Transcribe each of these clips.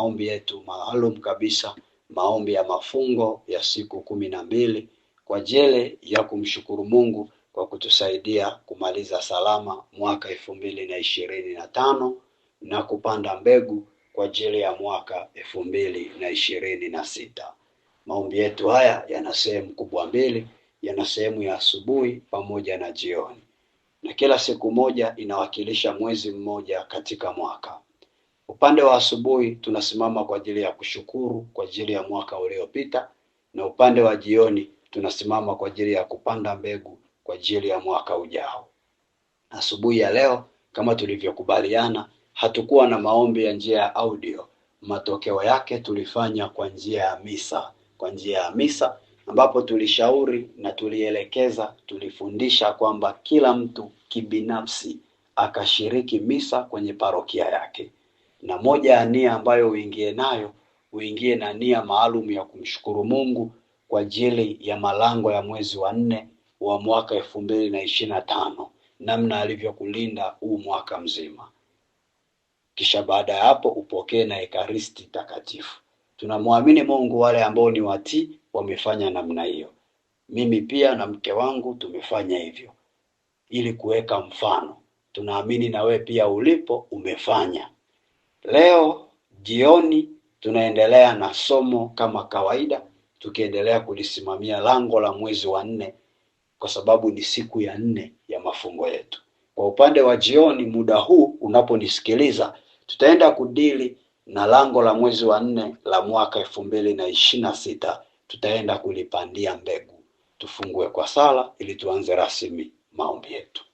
maombi yetu maalum kabisa, maombi ya mafungo ya siku kumi na mbili kwa ajili ya kumshukuru Mungu kwa kutusaidia kumaliza salama mwaka elfu mbili na ishirini na tano na kupanda mbegu kwa ajili ya mwaka elfu mbili na ishirini na sita. Maombi yetu haya yana sehemu kubwa mbili, yana sehemu ya asubuhi pamoja na jioni, na kila siku moja inawakilisha mwezi mmoja katika mwaka. Upande wa asubuhi tunasimama kwa ajili ya kushukuru kwa ajili ya mwaka uliopita, na upande wa jioni tunasimama kwa ajili ya kupanda mbegu kwa ajili ya mwaka ujao. Asubuhi ya leo kama tulivyokubaliana, hatukuwa na maombi ya njia ya audio. Matokeo yake tulifanya kwa njia ya misa, kwa njia ya misa ambapo tulishauri na tulielekeza, tulifundisha kwamba kila mtu kibinafsi akashiriki misa kwenye parokia yake na moja ya nia ambayo uingie nayo, uingie na nia maalum ya kumshukuru Mungu kwa ajili ya malango ya mwezi wa nne wa mwaka elfu mbili na ishirini na tano, namna alivyokulinda huu mwaka mzima. Kisha baada ya hapo upokee na ekaristi takatifu. Tunamwamini Mungu wale ambao ni watii wamefanya namna hiyo. Mimi pia na mke wangu tumefanya hivyo ili kuweka mfano. Tunaamini na we pia ulipo umefanya. Leo jioni tunaendelea na somo kama kawaida, tukiendelea kulisimamia lango la mwezi wa nne, kwa sababu ni siku ya nne ya mafungo yetu. Kwa upande wa jioni, muda huu unaponisikiliza, tutaenda kudili na lango la mwezi wa nne la mwaka elfu mbili na ishirini na sita. Tutaenda kulipandia mbegu. Tufungue kwa sala ili tuanze rasmi maombi yetu.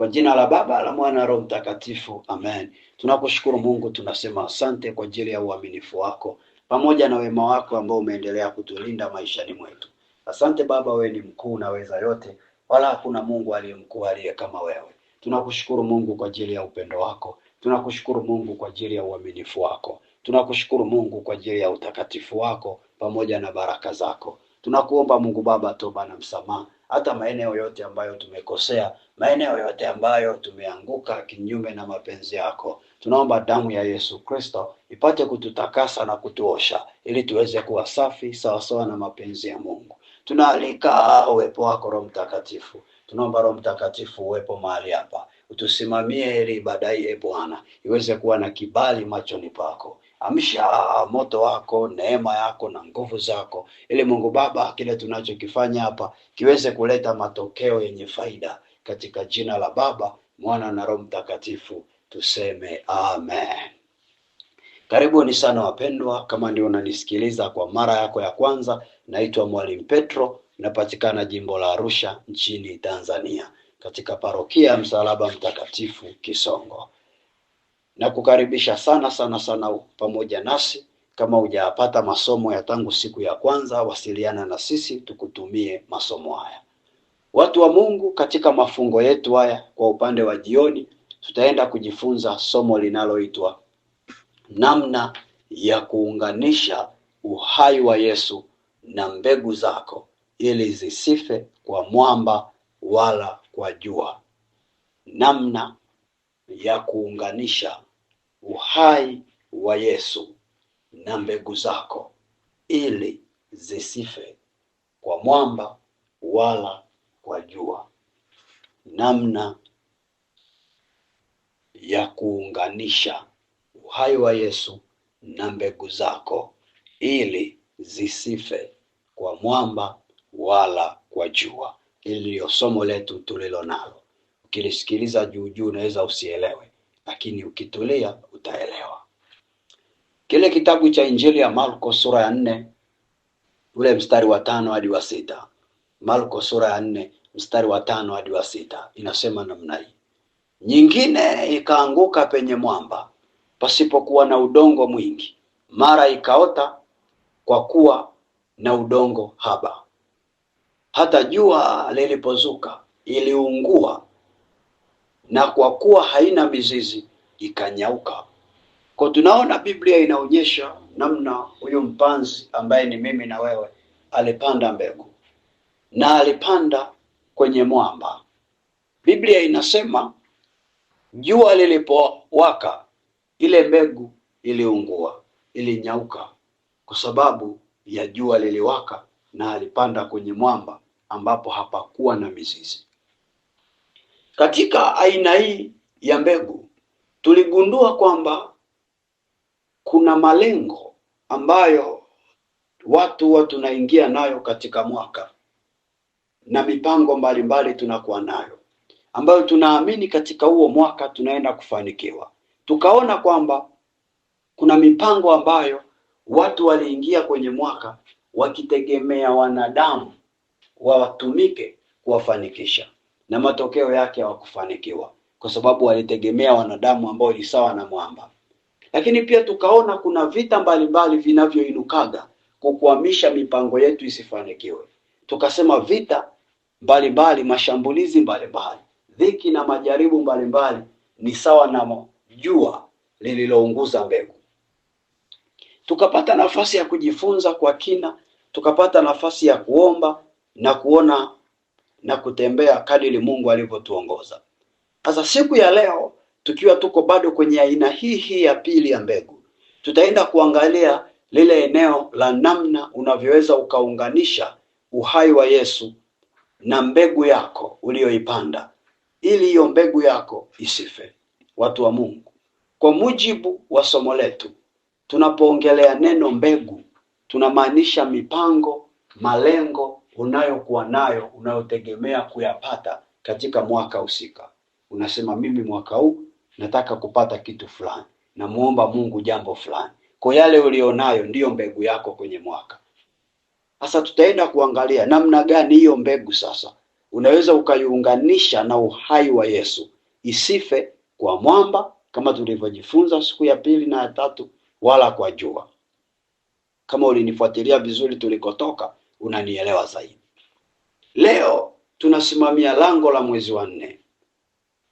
Kwa jina la Baba la Mwana Roho Mtakatifu, amen. Tunakushukuru Mungu, tunasema asante kwa ajili ya uaminifu wako pamoja na wema wako ambao umeendelea kutulinda maishani mwetu. Asante Baba, wewe ni mkuu, unaweza yote, wala hakuna Mungu aliye mkuu aliye kama wewe. Tunakushukuru Mungu kwa ajili ya upendo wako, tunakushukuru Mungu kwa ajili ya uaminifu wako, tunakushukuru Mungu kwa ajili ya utakatifu wako pamoja na baraka zako. Tunakuomba Mungu Baba toba na msamaha hata maeneo yote ambayo tumekosea, maeneo yote ambayo tumeanguka kinyume na mapenzi yako. Tunaomba damu ya Yesu Kristo ipate kututakasa na kutuosha ili tuweze kuwa safi sawasawa na mapenzi ya Mungu. Tunaalika uwepo wako Roho Mtakatifu. Tunaomba Roho Mtakatifu uwepo mahali hapa, utusimamie ili ibada hii Bwana iweze kuwa na kibali machoni pako amsha moto wako, neema yako na nguvu zako, ili Mungu Baba, kile tunachokifanya hapa kiweze kuleta matokeo yenye faida, katika jina la Baba, Mwana na Roho Mtakatifu tuseme amen. Karibuni sana wapendwa, kama ndio unanisikiliza kwa mara yako ya kwanza, naitwa Mwalimu Petro, napatikana jimbo la Arusha nchini Tanzania, katika parokia ya Msalaba Mtakatifu Kisongo na kukaribisha sana sana sana pamoja nasi. Kama hujapata masomo ya tangu siku ya kwanza, wasiliana na sisi tukutumie masomo haya. Watu wa Mungu, katika mafungo yetu haya kwa upande wa jioni, tutaenda kujifunza somo linaloitwa namna ya kuunganisha uhai wa Yesu na mbegu zako ili zisife kwa mwamba wala kwa jua, namna ya kuunganisha uhai wa Yesu na mbegu zako, ili zisife kwa mwamba wala kwa jua. Namna ya kuunganisha uhai wa Yesu na mbegu zako ili zisife kwa mwamba wala kwa jua. Hili ndiyo somo letu tulilo nalo. Ukilisikiliza juu juu, unaweza usielewe, lakini ukitulia utaelewa. Kile kitabu cha Injili ya Marko sura ya nne ule mstari wa tano hadi wa sita Marko sura ya nne mstari wa tano hadi wa sita inasema namna hii: nyingine ikaanguka penye mwamba pasipokuwa na udongo mwingi, mara ikaota kwa kuwa na udongo haba, hata jua lilipozuka iliungua na kwa kuwa haina mizizi ikanyauka. Kwa tunaona Biblia inaonyesha namna huyu mpanzi ambaye ni mimi na wewe alipanda mbegu na alipanda kwenye mwamba. Biblia inasema jua lilipowaka ile mbegu iliungua, ilinyauka kwa sababu ya jua liliwaka, na alipanda kwenye mwamba ambapo hapakuwa na mizizi. Katika aina hii ya mbegu tuligundua kwamba kuna malengo ambayo watu huwa tunaingia nayo katika mwaka na mipango mbalimbali tunakuwa nayo ambayo tunaamini katika huo mwaka tunaenda kufanikiwa. Tukaona kwamba kuna mipango ambayo watu waliingia kwenye mwaka wakitegemea wanadamu watumike kuwafanikisha na matokeo yake hawakufanikiwa kwa sababu walitegemea wanadamu ambao ni sawa na mwamba. Lakini pia tukaona kuna vita mbalimbali vinavyoinukaga kukwamisha mipango yetu isifanikiwe. Tukasema vita mbalimbali, mashambulizi mbalimbali, dhiki na majaribu mbalimbali ni sawa na jua lililounguza mbegu. Tukapata nafasi ya kujifunza kwa kina, tukapata nafasi ya kuomba na kuona na kutembea kadiri Mungu alivyotuongoza. Sasa siku ya leo tukiwa tuko bado kwenye aina hii hii ya pili ya mbegu, tutaenda kuangalia lile eneo la namna unavyoweza ukaunganisha uhai wa Yesu na mbegu yako uliyoipanda ili hiyo mbegu yako isife. Watu wa Mungu, kwa mujibu wa somo letu, tunapoongelea neno mbegu tunamaanisha mipango, malengo unayokuwa nayo unayotegemea kuyapata katika mwaka husika. Unasema mimi mwaka huu nataka kupata kitu fulani, namuomba Mungu jambo fulani, kwa yale ulionayo ndiyo mbegu yako kwenye mwaka. Sasa tutaenda kuangalia namna gani hiyo mbegu sasa unaweza ukaiunganisha na uhai wa Yesu, isife kwa mwamba kama tulivyojifunza siku ya pili na ya tatu, wala kwa jua. Kama ulinifuatilia vizuri tulikotoka unanielewa zaidi. Leo tunasimamia lango la mwezi wa nne.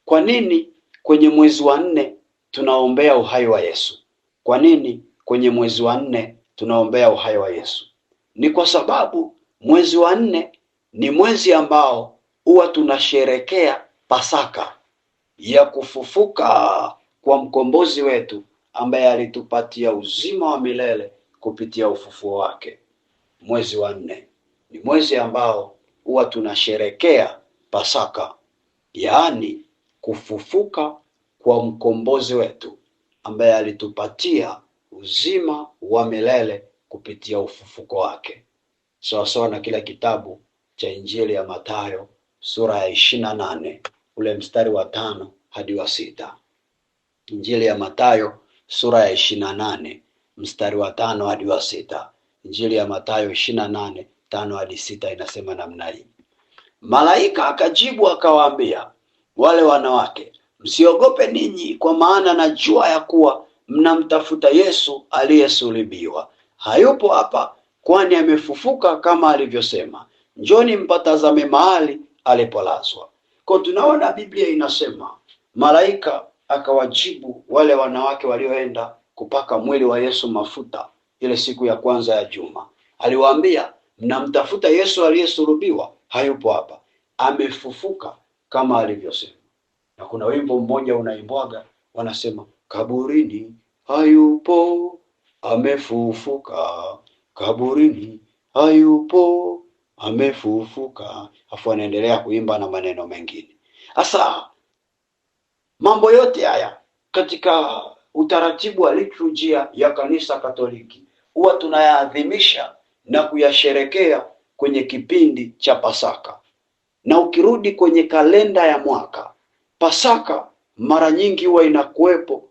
Kwa nini kwenye mwezi wa nne tunaombea uhai wa Yesu? Kwa nini kwenye mwezi wa nne tunaombea uhai wa Yesu? Ni kwa sababu mwezi wa nne ni mwezi ambao huwa tunasherekea Pasaka ya kufufuka kwa mkombozi wetu ambaye alitupatia uzima wa milele kupitia ufufuo wake mwezi wa nne ni mwezi ambao huwa tunasherekea Pasaka, yaani kufufuka kwa mkombozi wetu ambaye alitupatia uzima wa milele kupitia ufufuko wake, sawasawa na kile kitabu cha Injili ya Mathayo sura ya ishirini na nane ule mstari wa tano hadi wa sita. Injili ya Mathayo sura ya ishirini na nane mstari wa tano hadi wa sita. Injili ya Mathayo ishirini na nane tano hadi sita inasema namna hii: malaika akajibu akawaambia wale wanawake, msiogope ninyi, kwa maana najua ya kuwa mnamtafuta Yesu aliyesulibiwa. Hayupo hapa, kwani amefufuka kama alivyosema. Njoni mpatazame mahali alipolazwa. Kwa tunaona Biblia inasema malaika akawajibu wale wanawake walioenda kupaka mwili wa Yesu mafuta ile siku ya kwanza ya juma. Aliwaambia, mnamtafuta Yesu aliyesulubiwa, hayupo hapa, amefufuka kama alivyosema. Na kuna wimbo mmoja unaimbwaga, wanasema kaburini hayupo, amefufuka, kaburini hayupo, amefufuka. Afu anaendelea kuimba na maneno mengine. Sasa mambo yote haya katika utaratibu wa liturujia ya kanisa Katoliki huwa tunayaadhimisha na kuyasherekea kwenye kipindi cha Pasaka. Na ukirudi kwenye kalenda ya mwaka, Pasaka mara nyingi huwa inakuwepo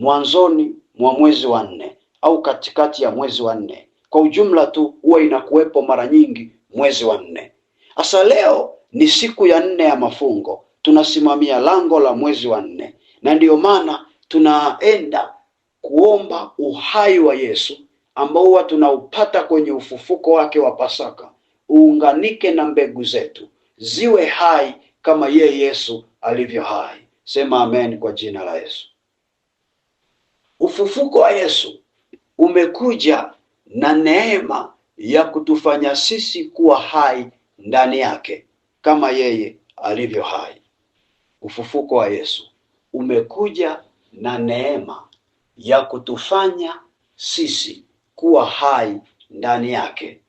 mwanzoni mwa mwezi wa nne au katikati ya mwezi wa nne. Kwa ujumla tu huwa inakuwepo mara nyingi mwezi wa nne. Hasa leo ni siku ya nne ya mafungo, tunasimamia lango la mwezi wa nne, na ndiyo maana tunaenda kuomba uhai wa Yesu ambao huwa tunaupata kwenye ufufuko wake wa Pasaka uunganike na mbegu zetu ziwe hai kama ye Yesu alivyo hai. Sema amen kwa jina la Yesu. Ufufuko wa Yesu umekuja na neema ya kutufanya sisi kuwa hai ndani yake kama yeye alivyo hai. Ufufuko wa Yesu umekuja na neema ya kutufanya sisi kuwa hai ndani yake.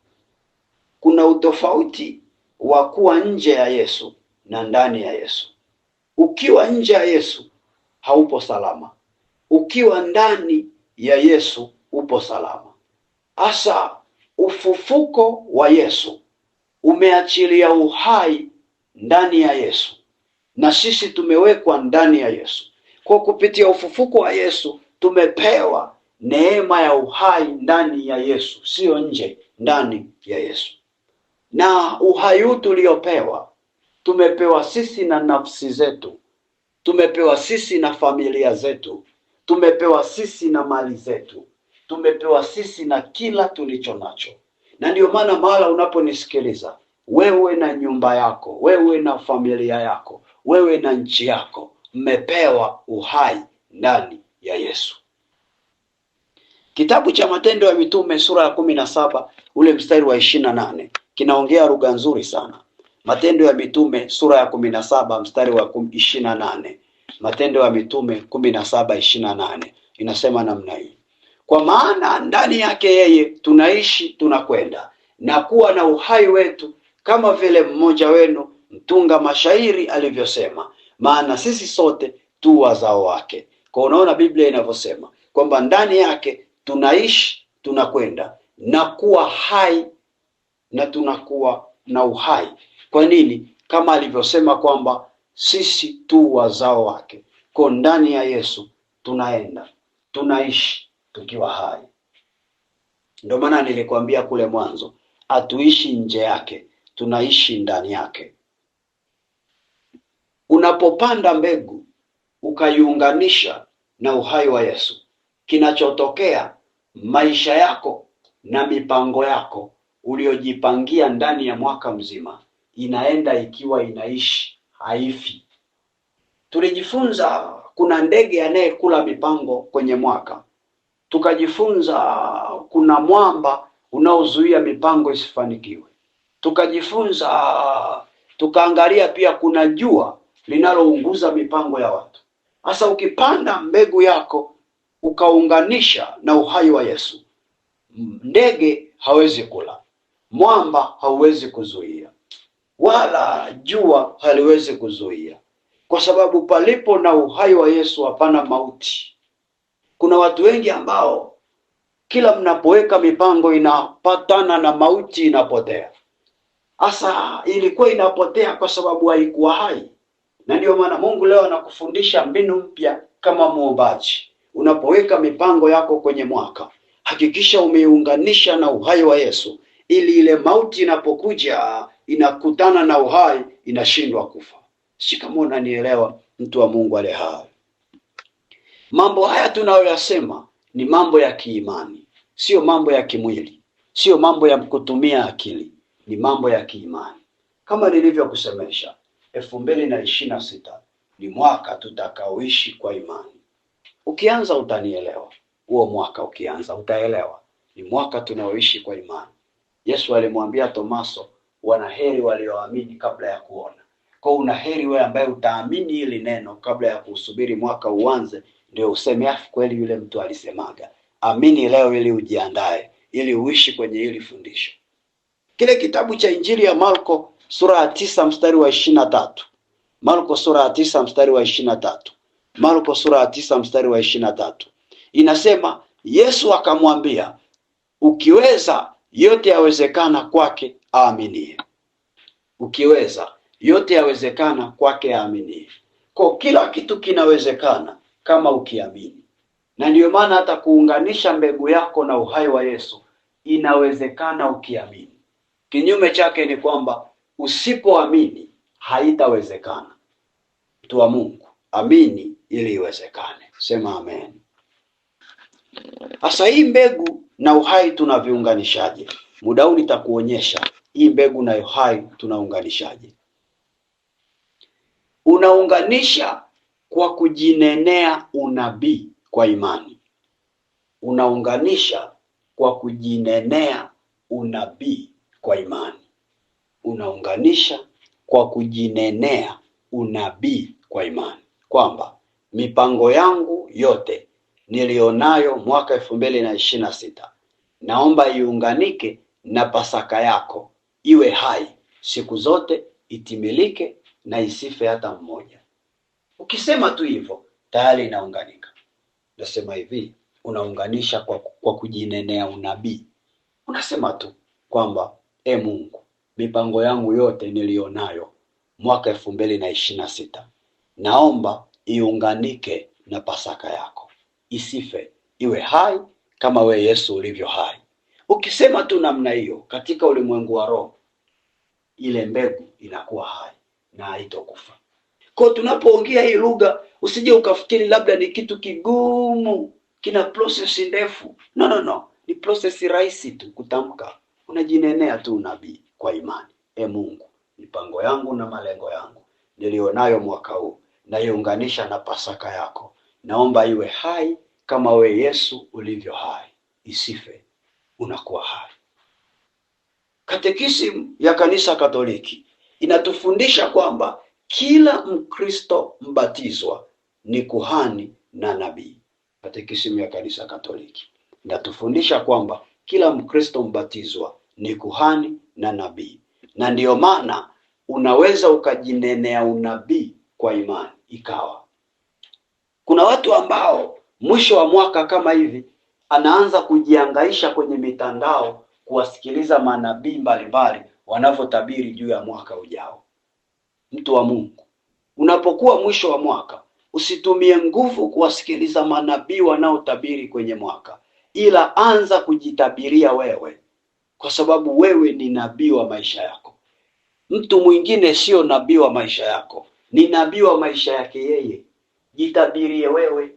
Kuna utofauti wa kuwa nje ya Yesu na ndani ya Yesu. Ukiwa nje ya Yesu haupo salama, ukiwa ndani ya Yesu upo salama. Hasa ufufuko wa Yesu umeachilia uhai ndani ya Yesu, na sisi tumewekwa ndani ya Yesu. Kwa kupitia ufufuko wa Yesu tumepewa neema ya uhai ndani ya Yesu, siyo nje, ndani ya Yesu. Na uhai huu tuliopewa, tumepewa sisi na nafsi zetu, tumepewa sisi na familia zetu, tumepewa sisi na mali zetu, tumepewa sisi na kila tulicho nacho. Na ndiyo maana mahala unaponisikiliza wewe na nyumba yako, wewe na familia yako, wewe na nchi yako, mmepewa uhai ndani ya Yesu. Kitabu cha Matendo ya Mitume sura ya kumi na saba ule mstari wa ishirini na nane kinaongea lugha nzuri sana. Matendo ya Mitume sura ya kumi na saba mstari wa ishirini na nane Matendo ya Mitume kumi na saba ishirini na nane inasema namna hii: kwa maana ndani yake yeye tunaishi, tunakwenda na kuwa na uhai wetu, kama vile mmoja wenu mtunga mashairi alivyosema, maana sisi sote tu wazao wake. Kwa unaona Biblia inavyosema kwamba ndani yake tunaishi, tunakwenda na kuwa hai na tunakuwa na uhai. Kwa nini? Kama alivyosema kwamba sisi tu wazao wake, kwa ndani ya Yesu tunaenda, tunaishi tukiwa hai. Ndio maana nilikwambia kule mwanzo, hatuishi nje yake, tunaishi ndani yake. Unapopanda mbegu ukaiunganisha na uhai wa Yesu, kinachotokea maisha yako na mipango yako uliyojipangia ndani ya mwaka mzima inaenda ikiwa inaishi, haifi. Tulijifunza kuna ndege anayekula mipango kwenye mwaka, tukajifunza kuna mwamba unaozuia mipango isifanikiwe, tukajifunza tukaangalia pia kuna jua linalounguza mipango ya watu. Sasa ukipanda mbegu yako ukaunganisha na uhai wa Yesu. Ndege hawezi kula, mwamba hauwezi kuzuia, wala jua haliwezi kuzuia, kwa sababu palipo na uhai wa Yesu hapana mauti. Kuna watu wengi ambao kila mnapoweka mipango inapatana na mauti, inapotea. Hasa ilikuwa inapotea kwa sababu haikuwa hai, na ndio maana Mungu leo anakufundisha mbinu mpya kama muombaji Unapoweka mipango yako kwenye mwaka, hakikisha umeiunganisha na uhai wa Yesu, ili ile mauti inapokuja inakutana na uhai, inashindwa kufa. Shikamo, unanielewa mtu wa Mungu ale hai. Mambo haya tunayoyasema ni mambo ya kiimani, sio mambo ya kimwili, sio mambo ya kutumia akili, ni mambo ya kiimani. Kama nilivyokusemesha, elfu mbili na ishirini na sita ni mwaka tutakaoishi kwa imani. Ukianza utanielewa, huo mwaka ukianza utaelewa, ni mwaka tunaoishi kwa imani. Yesu alimwambia Tomaso, wanaheri walioamini kabla ya kuona. Kwa una heri wewe ambaye utaamini hili neno kabla ya kusubiri mwaka uanze, ndio useme afu, ah, kweli yule mtu alisemaga. Amini leo ili ujiandae, ili uishi kwenye hili fundisho. Kile kitabu cha Injili ya Marko sura ya tisa mstari wa ishirini na tatu Marko sura ya tisa mstari wa ishirini na tatu Marko sura ya tisa mstari wa ishirini na tatu inasema, Yesu akamwambia, ukiweza yote yawezekana kwake aaminie. Ukiweza yote yawezekana kwake aaminie. Kwa kila kitu kinawezekana kama ukiamini, na ndiyo maana hata kuunganisha mbegu yako na uhai wa Yesu inawezekana ukiamini. Kinyume chake ni kwamba usipoamini haitawezekana. Mtu wa Mungu, amini ili iwezekane. Sema amen. Sasa hii mbegu na uhai tunaviunganishaje? Muda huu nitakuonyesha hii mbegu na uhai tunaunganishaje. Unaunganisha kwa kujinenea unabii kwa imani. Unaunganisha kwa kujinenea unabii kwa imani. Unaunganisha kwa kujinenea unabii kwa imani kwamba mipango yangu yote niliyonayo mwaka elfu mbili na ishirini na sita naomba iunganike na Pasaka yako, iwe hai siku zote, itimilike na isife hata mmoja. Ukisema tu hivyo tayari inaunganika. Nasema hivi, unaunganisha kwa, kwa kujinenea unabii. Unasema tu kwamba e Mungu, mipango yangu yote niliyonayo mwaka elfu mbili na ishirini na sita naomba iunganike na Pasaka yako, isife, iwe hai kama we Yesu ulivyo hai. Ukisema tu namna hiyo katika ulimwengu wa roho, ile mbegu inakuwa hai na haitokufa. Kwa tunapoongea hii lugha, usije ukafikiri labda ni kitu kigumu, kina process ndefu. No, no, no, ni process rahisi tu kutamka. Unajinenea tu unabii kwa imani. E Mungu, mipango yangu na malengo yangu niliyonayo mwaka huu naiunganisha na Pasaka yako. Naomba iwe hai kama we Yesu ulivyo hai, isife, unakuwa hai. Katekisimu ya Kanisa Katoliki inatufundisha kwamba kila Mkristo mbatizwa ni kuhani na nabii. Katekisimu ya Kanisa Katoliki inatufundisha kwamba kila Mkristo mbatizwa ni kuhani na nabii, na ndiyo maana unaweza ukajinenea unabii kwa imani ikawa. Kuna watu ambao mwisho wa mwaka kama hivi anaanza kujiangaisha kwenye mitandao kuwasikiliza manabii mbalimbali wanavyotabiri juu ya mwaka ujao. Mtu wa Mungu, unapokuwa mwisho wa mwaka usitumie nguvu kuwasikiliza manabii wanaotabiri kwenye mwaka, ila anza kujitabiria wewe, kwa sababu wewe ni nabii wa maisha yako. Mtu mwingine sio nabii wa maisha yako ni nabii wa maisha yake yeye. Jitabirie wewe.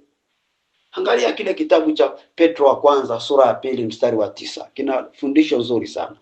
Angalia kile kitabu cha Petro wa kwanza sura ya pili mstari wa tisa kina fundisho nzuri sana.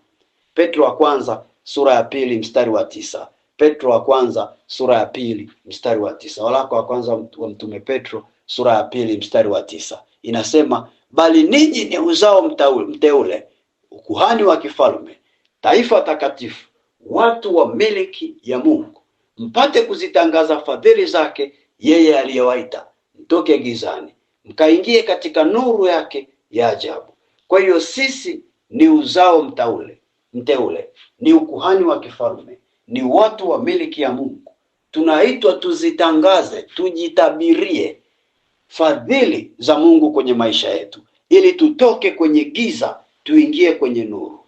Petro wa kwanza sura ya pili mstari wa tisa Petro wa kwanza sura ya pili mstari wa tisa Waraka wa kwanza wa mtume Petro sura ya pili mstari wa tisa inasema, bali ninyi ni uzao mteule, ukuhani wa kifalme, taifa takatifu, watu wa miliki ya Mungu mpate kuzitangaza fadhili zake yeye aliyewaita mtoke gizani mkaingie katika nuru yake ya ajabu. Kwa hiyo sisi ni uzao mtaule mteule, ni ukuhani wa kifalme, ni watu wa miliki ya Mungu. Tunaitwa tuzitangaze, tujitabirie fadhili za Mungu kwenye maisha yetu, ili tutoke kwenye giza tuingie kwenye nuru.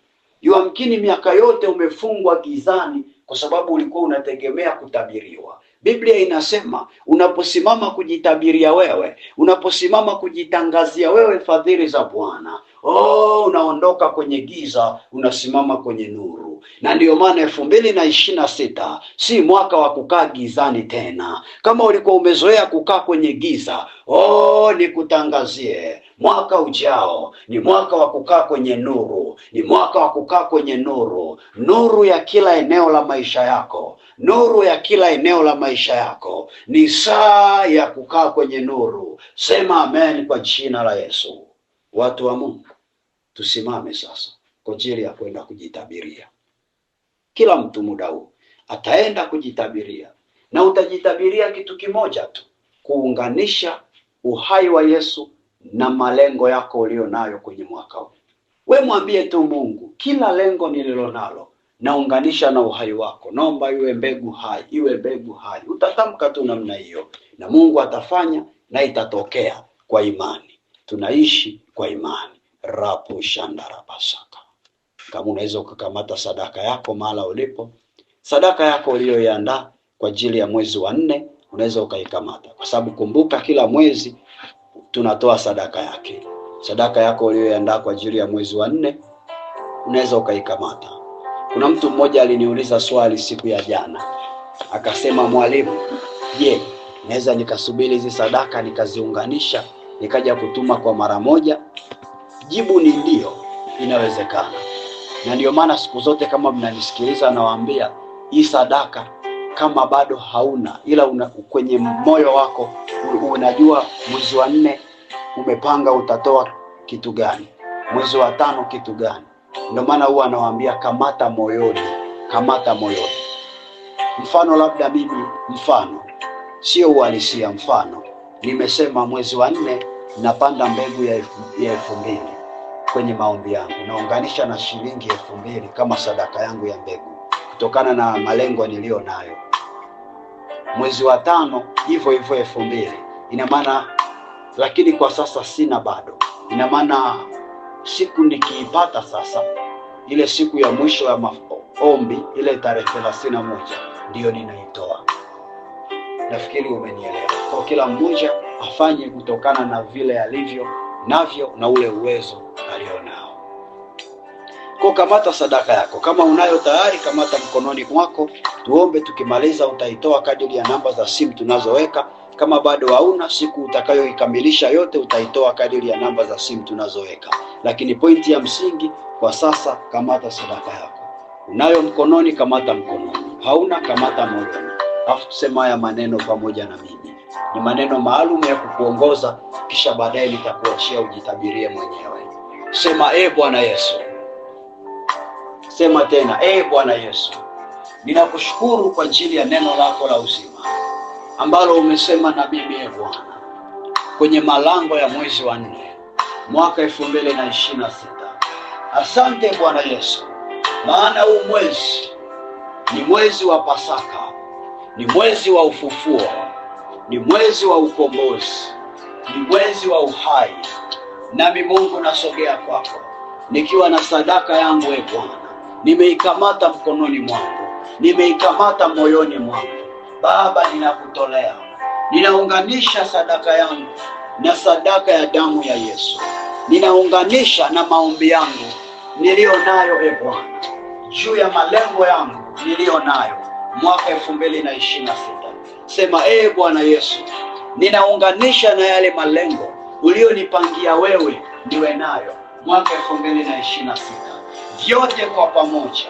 Yuamkini miaka yote umefungwa gizani kwa sababu ulikuwa unategemea kutabiriwa. Biblia inasema unaposimama kujitabiria wewe, unaposimama kujitangazia wewe fadhili za Bwana, oh, unaondoka kwenye giza, unasimama kwenye nuru. Na ndiyo maana elfu mbili na ishirini na sita si mwaka wa kukaa gizani tena. Kama ulikuwa umezoea kukaa kwenye giza, oh, nikutangazie Mwaka ujao ni mwaka wa kukaa kwenye nuru, ni mwaka wa kukaa kwenye nuru, nuru ya kila eneo la maisha yako, nuru ya kila eneo la maisha yako. Ni saa ya kukaa kwenye nuru. Sema amen kwa jina la Yesu. Watu wa Mungu, tusimame sasa kwa ajili ya kwenda kujitabiria. Kila mtu muda huu ataenda kujitabiria, na utajitabiria kitu kimoja tu, kuunganisha uhai wa Yesu na malengo yako ulio nayo kwenye mwaka huu. We mwambie tu Mungu, kila lengo nililo nalo naunganisha na uhai wako, naomba iwe mbegu hai, iwe mbegu hai. Utatamka tu namna hiyo, na Mungu atafanya na itatokea kwa imani. Tunaishi kwa imani. rapu basaka. kama unaweza ukakamata sadaka yako mahala ulipo, sadaka yako uliyoiandaa kwa ajili ya mwezi wa nne, unaweza ukaikamata, kwa sababu kumbuka, kila mwezi tunatoa sadaka yake. Sadaka yako uliyoiandaa kwa ajili ya mwezi wa nne unaweza ukaikamata. Kuna mtu mmoja aliniuliza swali siku ya jana, akasema mwalimu, je, naweza nikasubiri hizi sadaka nikaziunganisha nikaja kutuma kwa mara moja? Jibu ni ndio, inawezekana. Na ndio maana siku zote kama mnanisikiliza, nawaambia hii sadaka kama bado hauna ila una, kwenye moyo wako unajua mwezi wa nne umepanga utatoa kitu gani, mwezi wa tano kitu gani. Ndio maana huwa anawaambia kamata moyoni, kamata moyoni. Mfano labda mimi, mfano sio uhalisia, mfano nimesema mwezi wa nne napanda mbegu ya elfu mbili kwenye maombi yangu, naunganisha na shilingi elfu mbili kama sadaka yangu ya mbegu, kutokana na malengo niliyo nayo. Mwezi wa tano hivyo hivyo elfu mbili ina maana lakini kwa sasa sina bado. Ina maana siku nikiipata sasa, ile siku ya mwisho ya maombi, ile tarehe thelathini na moja ndiyo ninaitoa. Nafikiri umenielewa. Kwa kila mmoja afanye kutokana na vile alivyo navyo na ule uwezo alionao. Kwa kamata sadaka yako kama unayo tayari, kamata mkononi mwako, tuombe. Tukimaliza utaitoa kadiri ya namba za simu tunazoweka. Kama bado hauna siku utakayoikamilisha yote, utaitoa kadiri ya namba za simu tunazoweka. Lakini pointi ya msingi kwa sasa, kamata sadaka yako. Unayo mkononi, kamata mkononi. Hauna, kamata moyoni. Afu tusema haya maneno pamoja na mimi, ni maneno maalum ya kukuongoza, kisha baadaye nitakuachia ujitabirie mwenyewe. Sema e Bwana Yesu. Sema tena e Bwana Yesu, ninakushukuru kwa ajili ya neno lako la uzima ambalo umesema na mimi e Bwana, kwenye malango ya mwezi wa nne mwaka elfu mbili na ishirini na sita. Asante Bwana Yesu, maana huu mwezi ni mwezi wa Pasaka, ni mwezi wa ufufuo, ni mwezi wa ukombozi, ni mwezi wa uhai. Nami Mungu nasogea kwako nikiwa na sadaka yangu e Bwana, nimeikamata mkononi mwangu, nimeikamata moyoni mwangu Baba, ninakutolea ninaunganisha sadaka yangu na sadaka ya damu ya Yesu, ninaunganisha na maombi yangu niliyo nayo, e Bwana, juu ya malengo yangu niliyo nayo mwaka elfu mbili na ishirini na sita. Sema, e Bwana Yesu, ninaunganisha na yale malengo ulionipangia wewe niwe nayo mwaka elfu mbili na ishirini na sita. Vyote kwa pamoja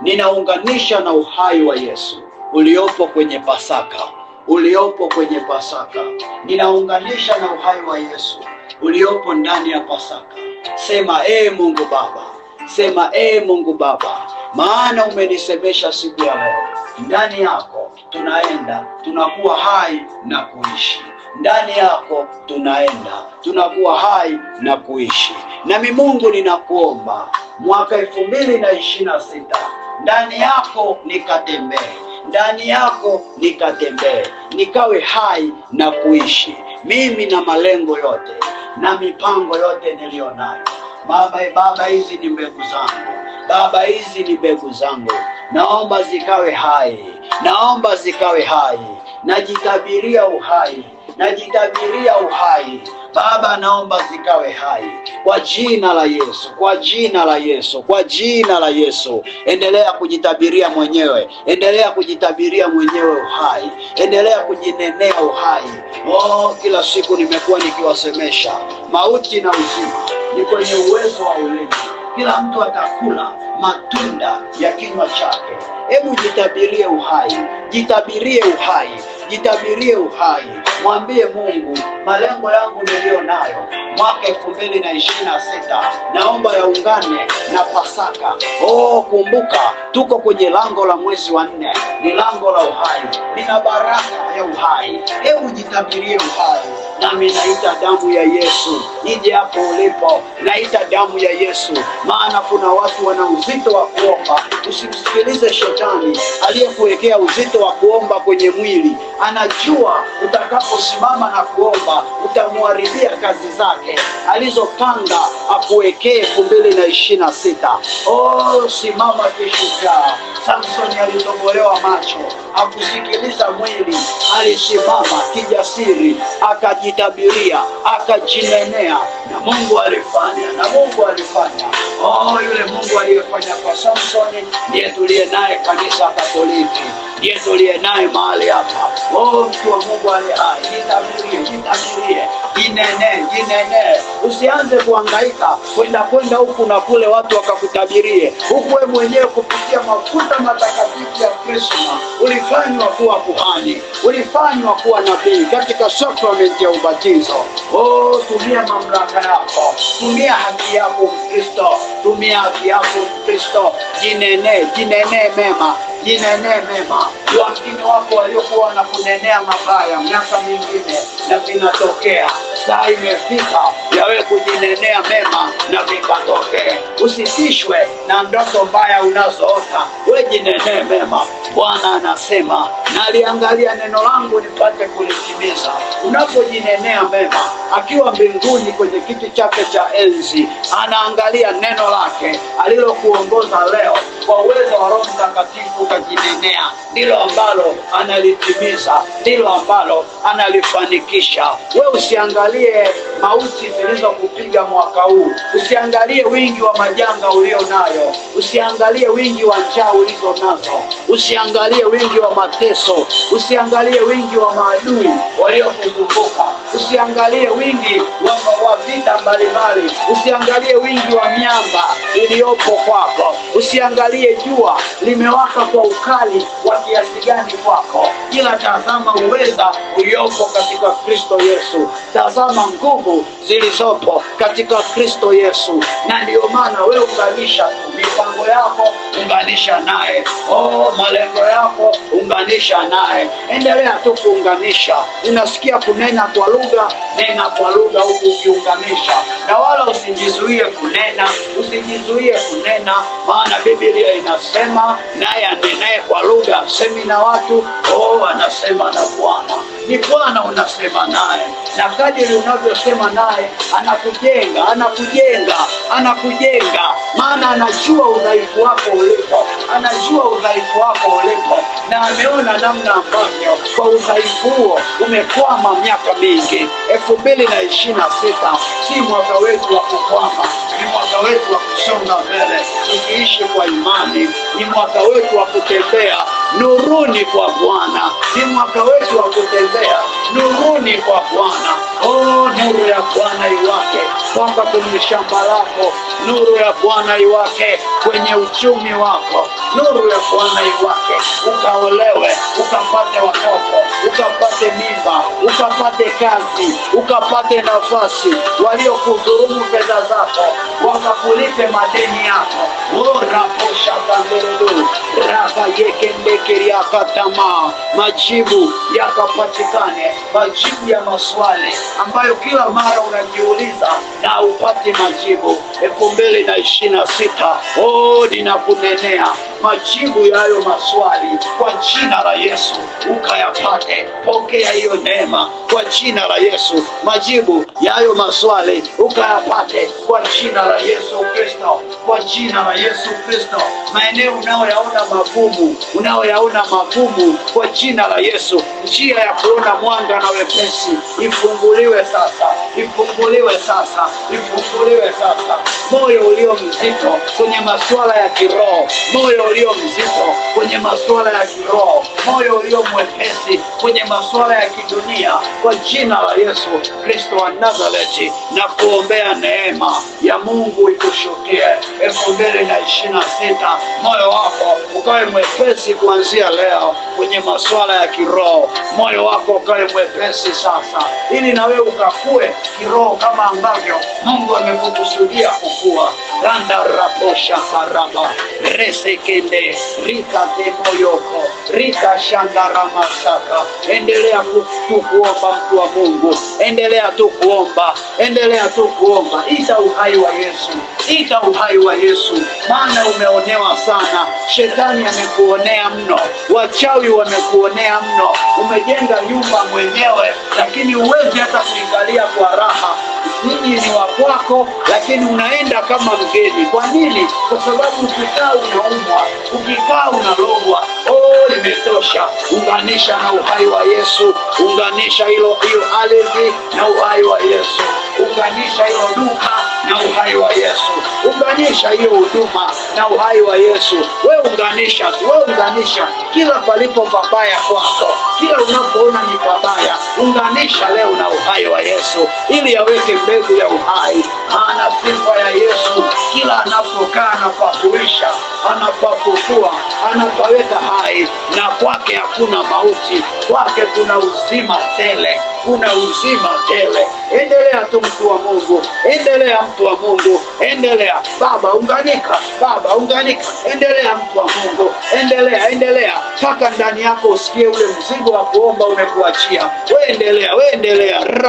ninaunganisha na uhai wa Yesu uliopo kwenye Pasaka, uliopo kwenye Pasaka, ninaunganisha na uhai wa Yesu uliopo ndani ya Pasaka. Sema ee Mungu Baba, sema ee Mungu Baba, maana umenisemesha siku ya leo. Ndani yako tunaenda tunakuwa hai na kuishi ndani yako tunaenda tunakuwa hai na kuishi. Nami Mungu, ninakuomba mwaka elfu mbili na ishirini na sita ndani yako nikatembee ndani yako nikatembee, nikawe hai na kuishi mimi na malengo yote na mipango yote niliyo nayo. Baba, Baba, hizi ni mbegu zangu Baba, hizi ni mbegu zangu, naomba zikawe hai, naomba zikawe hai, najitabiria uhai najitabiria uhai Baba, naomba zikawe hai kwa jina la Yesu, kwa jina la Yesu, kwa jina la Yesu. Endelea kujitabiria mwenyewe, endelea kujitabiria mwenyewe uhai, endelea kujinenea uhai. Oh, kila siku nimekuwa nikiwasemesha mauti na uzima ni kwenye uwezo wa ulimi. Kila mtu atakula matunda ya kinywa chake. Hebu jitabirie uhai, jitabirie uhai jitabirie uhai, mwambie Mungu, malengo yangu niliyo nayo mwaka elfu mbili na ishirini na sita naomba yaungane na Pasaka. Oh, kumbuka tuko kwenye lango la mwezi wa nne, ni lango la uhai, nina baraka ya uhai. Hebu jitabirie uhai, nami naita damu ya Yesu ije hapo ulipo, naita damu ya Yesu, maana kuna watu wana uzito wa kuomba. Usimsikilize shetani aliyekuwekea uzito wa kuomba kwenye mwili anajua utakaposimama na kuomba utamwharibia kazi zake alizopanga akuwekee elfu mbili na ishirini na sita. Oh, simama kishujaa. Samsoni alitobolewa macho, akusikiliza mwili, alisimama kijasiri, akajitabiria, akajinenea, na Mungu alifanya, na Mungu alifanya. Oh, yule Mungu aliyefanya kwa Samsoni ndiye tuliye naye kanisa Katoliki, ndiye tuliye naye mahali hapa. Oh, mtu wa Mungu aliye hai, jitamirie, jitamirie, jinene, jinene. Usianze kuhangaika kwenda kwenda huku na kule watu wakakutabirie, huku wewe mwenyewe kati ya mafuta matakatifu ya Kristo ulifanywa kuwa kuhani, ulifanywa kuwa nabii katika sakramenti ya ubatizo. Oh, tumia mamlaka yako, tumia haki yako Mkristo, tumia haki yako Mkristo, jinene jinene mema jinenee mema. wakini wako waliokuwa na kunenea mabaya miaka mingine, na vinatokea. Saa imefika yawe kujinenea mema na vikatokee. Usitishwe na ndoto mbaya unazo sasa nene mema. Bwana anasema naliangalia neno langu nipate kulitimiza. Unapojinenea mema, akiwa mbinguni kwenye kiti chake cha enzi, anaangalia neno lake alilokuongoza leo kwa uwezo wa Roho Mtakatifu ukajinenea. Ndilo ambalo analitimiza, ndilo ambalo analifanikisha. We usiangalie mauti zilizokupiga mwaka huu, usiangalie wingi wa majanga ulio nayo, usiangalie wingi wa njaa ulizo nazo, usiangalie wingi wa mateso, usiangalie wingi wa maadui waliokuzunguka, usiangalie wingi wa, wa vita mbalimbali, usiangalie wingi wa miamba iliyopo kwako, usiangalie uangalie jua limewaka kwa ukali wa kiasi gani kwako, ila tazama uweza uliopo katika Kristo Yesu, tazama nguvu zilizopo katika Kristo Yesu. Na ndiyo maana wewe unganisha mipango yako, unganisha naye. Oh, malengo yako unganisha naye, endelea tu kuunganisha. Unasikia kunena kwa lugha, nena kwa lugha huku ukiunganisha, na wala usijizuie kunena, usijizuie kunena, maana Biblia Biblia inasema naye anenaye kwa lugha asemi na watu, oh, anasema na Bwana ni Bwana unasema naye, na kadiri unavyosema naye anakujenga, anakujenga, anakujenga, maana anajua udhaifu wako ulipo, anajua udhaifu wako ulipo, na ameona namna ambavyo kwa udhaifu huo umekwama miaka mingi. elfu mbili na ishirini na sita si mwaka wetu wa kukwama, ni mwaka wetu wa kusonga mbele tukiishi kwa imani, ni mwaka wetu wa kutembea nuruni kwa Bwana, ni mwaka wetu wa kutembea kuongezea nuruni kwa Bwana. O oh, nuru ya Bwana iwake kwamba kwenye shamba lako nuru ya Bwana iwake, kwenye uchumi wako nuru ya Bwana iwake, ukaolewe, ukapate watoto, ukapate mimba, ukapate kazi, ukapate nafasi, waliokudhulumu fedha zako wakakulipe madeni yako. oraposhakanderedu oh, raba yekendekeriakatamaa majibu yakapatikane, majibu ya maswali ambayo kila mara unajiuliza na upate majibu elfu mbili na ishirini na sita. Oh, ninakunenea majibu ya hayo maswali kwa jina la Yesu, ukayapate. Pokea hiyo neema kwa jina la Yesu, majibu ya hayo maswali ukayapate kwa jina la Yesu Kristo, kwa jina la Yesu Kristo. Maeneo unayoyaona magumu, unayoyaona magumu, kwa jina la Yesu, njia ya kuona mwanga na wepesi ifunguliwe sasa, ifunguliwe sasa, ifunguliwe sasa. Moyo ulio mzito kwenye masuala ya kiroho, moyo ulio mzito kwenye masuala ya kiroho, moyo ulio mwepesi kwenye masuala ya kidunia, kwa jina la Yesu Kristo wa Nazareti, na kuombea neema ya Mungu ikushukie elfu mbili na ishirini na sita. Moyo wako ukawe mwepesi kuanzia leo kwenye masuala ya kiroho, moyo wako ukawe mwepesi sasa, ili na wewe ukakue kiroho kama ambavyo Mungu amekukusudia kukua. randa raposha haraba reseke ende rika moyoko rika shandara masaka. Endelea tu kuomba mtu wa Mungu, endelea tu kuomba, endelea tu kuomba. Ita uhai wa Yesu, ita uhai wa Yesu, maana umeonewa sana. Shetani amekuonea mno, wachawi wamekuonea mno. Umejenga nyumba mwenyewe, lakini uwezi hata kuangalia kwa raha. nini ni wa kwako, lakini unaenda kama mgeni. Kwa nini? Kwa sababu ukikaa unaumwa Ukikaa unalogwa, oh, limetosha Unganisha na uhai wa Yesu, unganisha hilo hiyo ardhi na uhai wa Yesu. Unganisha hiyo huduma na uhai wa Yesu, unganisha hiyo huduma na uhai wa Yesu. We unganisha we unganisha kila palipo pabaya kwako, kila unapoona ni pabaya, unganisha leo na uhai wa Yesu ili yaweke mbegu ya uhai. Maana sifa ya Yesu kila anapokaa anapakuisha, anapapukua, anapaweka hai, na kwake hakuna mauti, kwake kuna uzima tele kuna uzima tele. Endelea tu mtu wa Mungu, endelea mtu wa Mungu, endelea baba, unganika baba, unganika, endelea mtu wa Mungu, endelea, endelea mpaka ndani yako usikie ule mzigo wa kuomba umekuachia. Weendelea, endelea.